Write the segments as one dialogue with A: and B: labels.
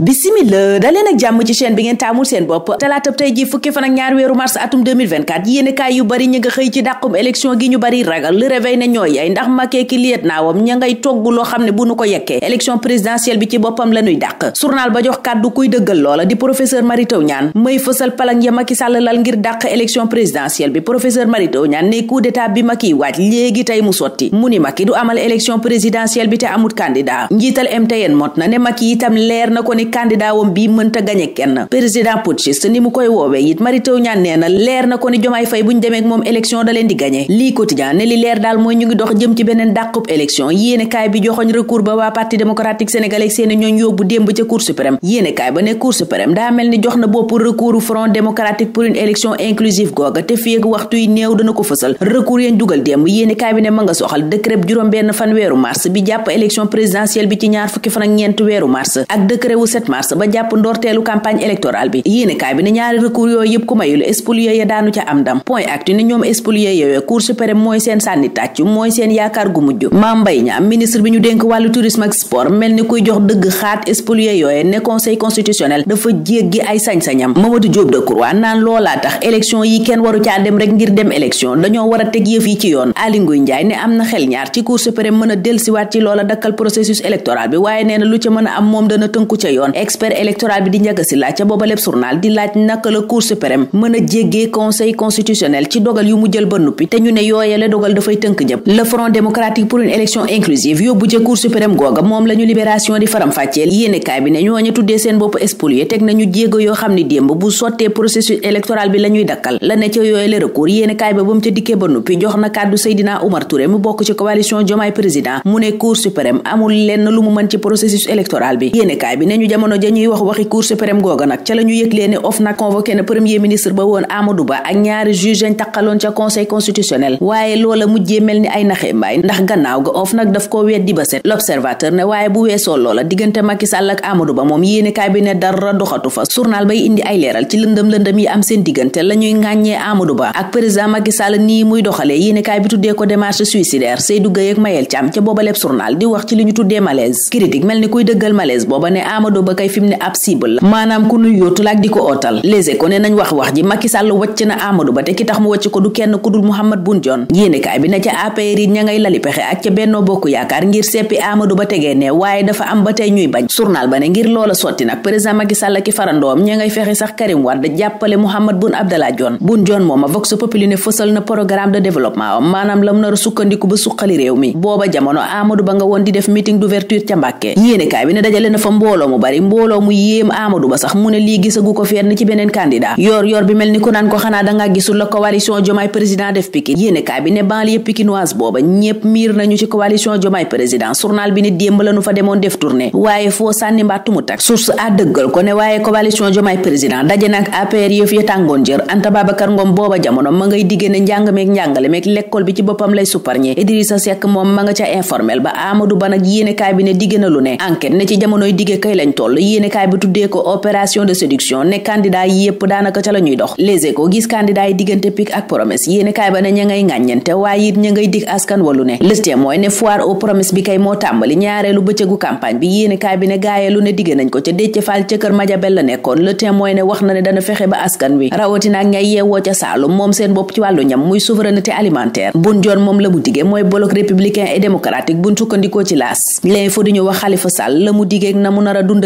A: bisimila daleen ak jàmm ci chaîne bi ngeen taamul seen bopp talaatab tey ji fukki fan ñaar weeru mars atum 2024 yéenekaay yu bari ñi xëy ci dàqum élection gi ñu bari ragal le réveil ne ñooy ay ndax Macky ki liet naawam ña ngay togg loo xam ne bu nu ko yekkee élection présidentielle bi ci boppam la ñuy dàq journal ba jox kàddu kuy dëggal loola di professeur Mary Teuw Niane may fësal palang ya Macky Sall lal ngir dàq élection présidentielle bi pr Mary Teuw Niane ne coup d'état bi Macky waaj léegi tey mu sotti mu ni Macky bi te amut candidat njiital MTN candidat wam mënta gañe kenn président putschiste ni mu koy woowee it Mary Teuw leer na ko ni Diomaye Faye buñ demee moom élection da leen di gañe lii quotidien ne li leer daal mooy ñu ngi dox jëm ci beneen dàqub élection yéene kaay bi joxoñ recours ba waa parti démocratique sénégalais seeni ñooñ yóbbu démb ca cour suprême yéene kaay ba ne cour suprême daa mel ni jox na bopp recours front démocratique pour une élection inclusive 17 mars ba jàpp ndoorteelu campagne électorale bi yéenekaay bi ne ñaari recours yooyu yëpp ku mayul spoliés ya daanu ca am ndam point actu ne ñoom spoliés yaakaar gu mujj Mame Mbaye Niang ministre bi ñu dénk wàllu tourisme ak sport mel ni kuy jox dëgg xaat spoliés yooyu ne conseil constitutionnel dafa jéggi ay sañ-sañam Mamadou Diop Decroix naan loolaa tax élection yi kenn waru caa dem rek ngir dem élection dañoo war a teg yëf yi ci yoon Aly Ngouille Ndiaye a a yoon expert électoral bi di njëkk si laaj ca booba lépp di laaj naka la cour suprême mën a jéggee conseil constitutionnel ci dogal yu mu jël ba nuppi te ñu ne yooyale dogal dafay tënk ñëpp le la ñu libération di bi ne ca dikkee ba nuppi jox na kàddu Seydina Oumar Touré mu bokk ci coalition Diomaye président mu ne cour suprême amul lenn lu mu mën ci processus électoral bi yéenekaay bi jamono ja ñuy wax waxi cour suprême googa nag ca la ñu yëglee ne OFNAC convoqué na premier ministre ba woon Amadou Ba ak ñaari juge yañ taqaloon ca conseil constitutionnel waaye loola mujjee mel ni ay naxee mbaay ndax gannaaw ga OFNAC daf koo weddi ba set l'observateur ne waaye bu weesoo loola diggante Macky ak Amadou Ba moom yéene cabinet dara doxatu fa journal bay indi ay leeral ci lëndëm lëndëm yi am seen diggante la ñuy ŋàññee Amadou Ba ak président Macky nii muy doxalee yéene kaay bi tuddee ko démarche suicidaire Seydou Gueye ak Mayel Thiam ca boobaleb journal di wax ci li ñu tuddee malaise critique mel ni Amadou Ba kay fi mu ne ab cible la maanaam ku nuy yóotu di ko ootal lése ko ne nañ wax wax ji Macky Sall wàcc na Amadou Ba te ki tax mu wàcc ko du kenn ku dul Mouhamed Boun Dionne yéenekaay bi Ba tegee ne waaye ba tey ñuy bañ journal ba ne ngir loola sotti nag président Macky Sall ki farandoom a fa mbooloo mu bari bari mbooloo mu yéem Amadou Ba sax mu ne lii gisagu ko fenn ci beneen candidat yor yor bi mel ni ku naan ko xanaa dangaa gisul la coalition Diomaye président def bi ne démb la nu fa demoon def tournée waaye foo sànni mbàttu mu tak source ko ne waaye coalition Diomaye président daje nag APR yëf ya jër Anta Babacar Ngom booba jamono ma ngay diggée ne njàng meek njàngale meek l'école bi ci boppam lay supparñe Idrissa Seck moom ma toll yéenekaay bi tuddee ko opération de séduction ne candidat yépp daanaka ca la dox Les Échos gis candidat yi diggante pic ak promesse yéenekaay ba ne ñaareelu bëccëgu campagne bi yéenekaay bi ne gaayeelu ne digg nañ ko ca Déthié Fall ca kër Madiabel la nekkoon Le Témoin ne wax na ne dana fexe ba askan wi rawatina ñay yeewoo ca Saalum moom seen bopp ci wàllu ñam muy souveraineté alimentaire bun joon moom la mu digee mooy bloc républicain et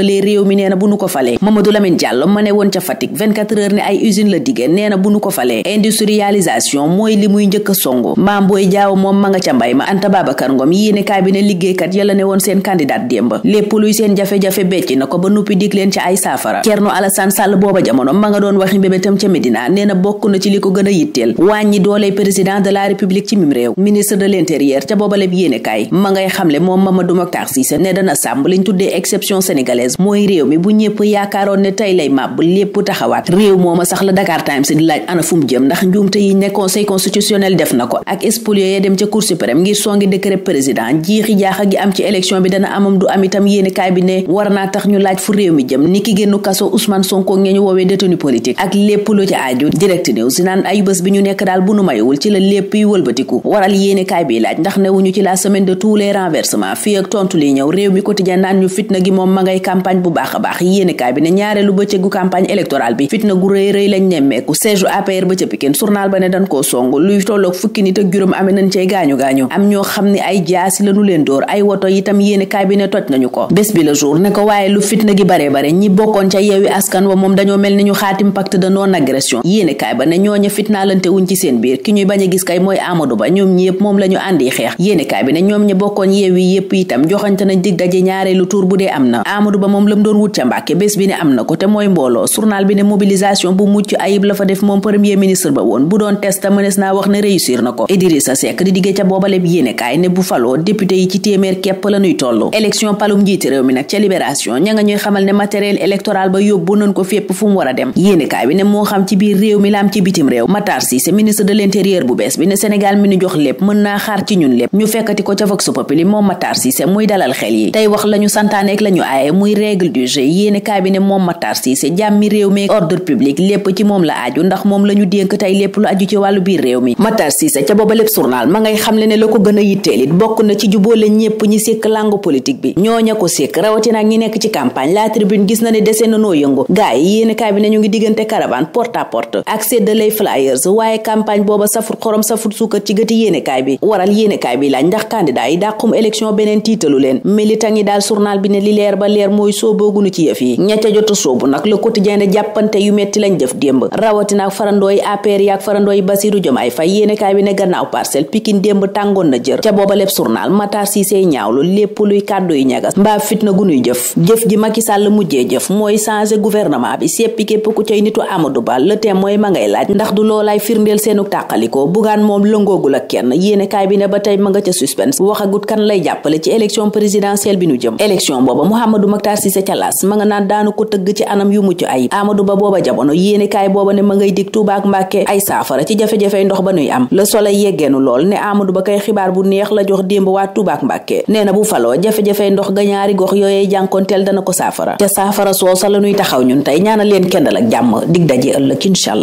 A: loolee réew mi nee na bu nu ko falee Mamadou Lamine Diallo ma ne woon ca Fatick 24 heures ne ay usine la diggée nee na bu nu ko falee industrialisation mooy li muy njëkk a songu maam booy jaaw moom ma nga ca mbay ma Anta ne liggéeykat yala ne woon seen candidat démb lépp luy seen jafe-jafe ba nuppi dig leen ci ay saafara Thierno Alassane Sall booba jamono ma nga doon waxi mbébétam ca na bokk na li ko gën a yitteel wàññi dooley président de la république ci mim réew ministre de l'intérieur ca boobaleb yéene kaay ma ngay xamle tuddee exception sénégalaise Thiès mooy réew mi bu ñëpp yaakaaroon ne tey lay màbb lépp taxawaat réew a sax la Dakar Times di laaj ana fu mu jëm ndax njuumte yi ne conseil constitutionnel def na ko ak spolio ya dem ca cour suprême jaaxa am ci élection dana amam am itam yéeni kaay bi ne war naa laaj fu réew mi jëm ni ki génn kaso Ousmane Sonko ngeen ñu woowee détenu politique ak lépp lu ci aaju direct news naan ay bés bi ñu nekk daal bu nu mayewul ci la lépp yi wëlbatiku waral yéeni kaay bi laaj ndax wu ñu ci la semaine de tous les renversements fii ak tontu li campagne a ko waaye lu fitna gi bare bare ñi bokkoon ca yeewi askan wa moom dañoo mel ni xaatim pacte de non agression yéenekaay ba ne ñooña fitnaalante wuñ ci seen biir ki ñuy bañ a gis kay mooy Amadou Ba ñoom ñi yëpp moom la àndi xeex yéenekaay bi ne ñoom ñi bokkoon yeewi yëpp itam joxante nañ daje ñaareelu tour bu dee am na ba moom la mu doon wut ca mbàkke bés bi ne am na ko te mooy mbooloo journal bi ne mobilisation bu mucc ayib la fa def moom premier ministre a muy dalal xel yi tey wax lañu santaaneek lañu aaye muy muy règle du jeu yéene cabinet moom Matar Cissé jàmmi réew mi ordre public lépp ci moom la aju ndax moom la ñu dénk tey lépp lu aju ci wàllu biir réew mi Matar Cissé ca booba lépp journal ma ngay xam le ne la ko gën a yitteel it bokk na ci jubóole ñépp ñi sékk langue politique bi ñooña ko sékk rawatina ak ñi nekk ci campagne la tribune gis na ne desee na noo yëngu gaay yi yéene cabinet ñu ngi diggante caravane porte à porte ak séddalay flyers waaye mooy sóoboogunu ci yëf yi ña ca jota sóobu nag le quotidien ne jàppante yu metti lañ jëf démb rawatina ak farandooy APR yaak farandooy Basiru Jomaay Fay yéenekaay bi ne gannaaw parcelle Pikine démb tàngoon na jër ca booba lépp journal Matar Cissé ñaawlu lépp luy kàddu yu ñagas mbaa fitna gunuy jëf jëf ji Macky Sall mujjee jëf mooy changé gouvernement bi seppi képp ku cay nitu Amadou Ba le mooy ma ngay laaj ndax du loolaay firndeel seenu tàqalikoo bugaan moom lëngoogul ak kenn yéenekaay bi ne ba tey ma nga ca suspense waxagut kan lay jàppale ci élection présidentielle bi nu jëm élection booba Mouhamadou Makhtar Makhtar Cissé ca las ma nga naan daanu ko tëgg ci anam yu mucc ayib Amadou Ba booba jamono yéenekaay booba ne ma ngay dig Touba Mbàkke ay saafara ci jafe-jafey ndox ba nuy am Le Soleil yeggeenu lool ne Amadou Ba kay xibaar bu neex la jox démb waa Touba ak Mbàkke nee na bu faloo jafe-jafey ndox ga ñaari gox yooyee jànkoonteel dana ko saafara te saafara soosa la ñuy taxaw ñun tey ñaanal leen kendal ak jàmm dig daje ëllëg incha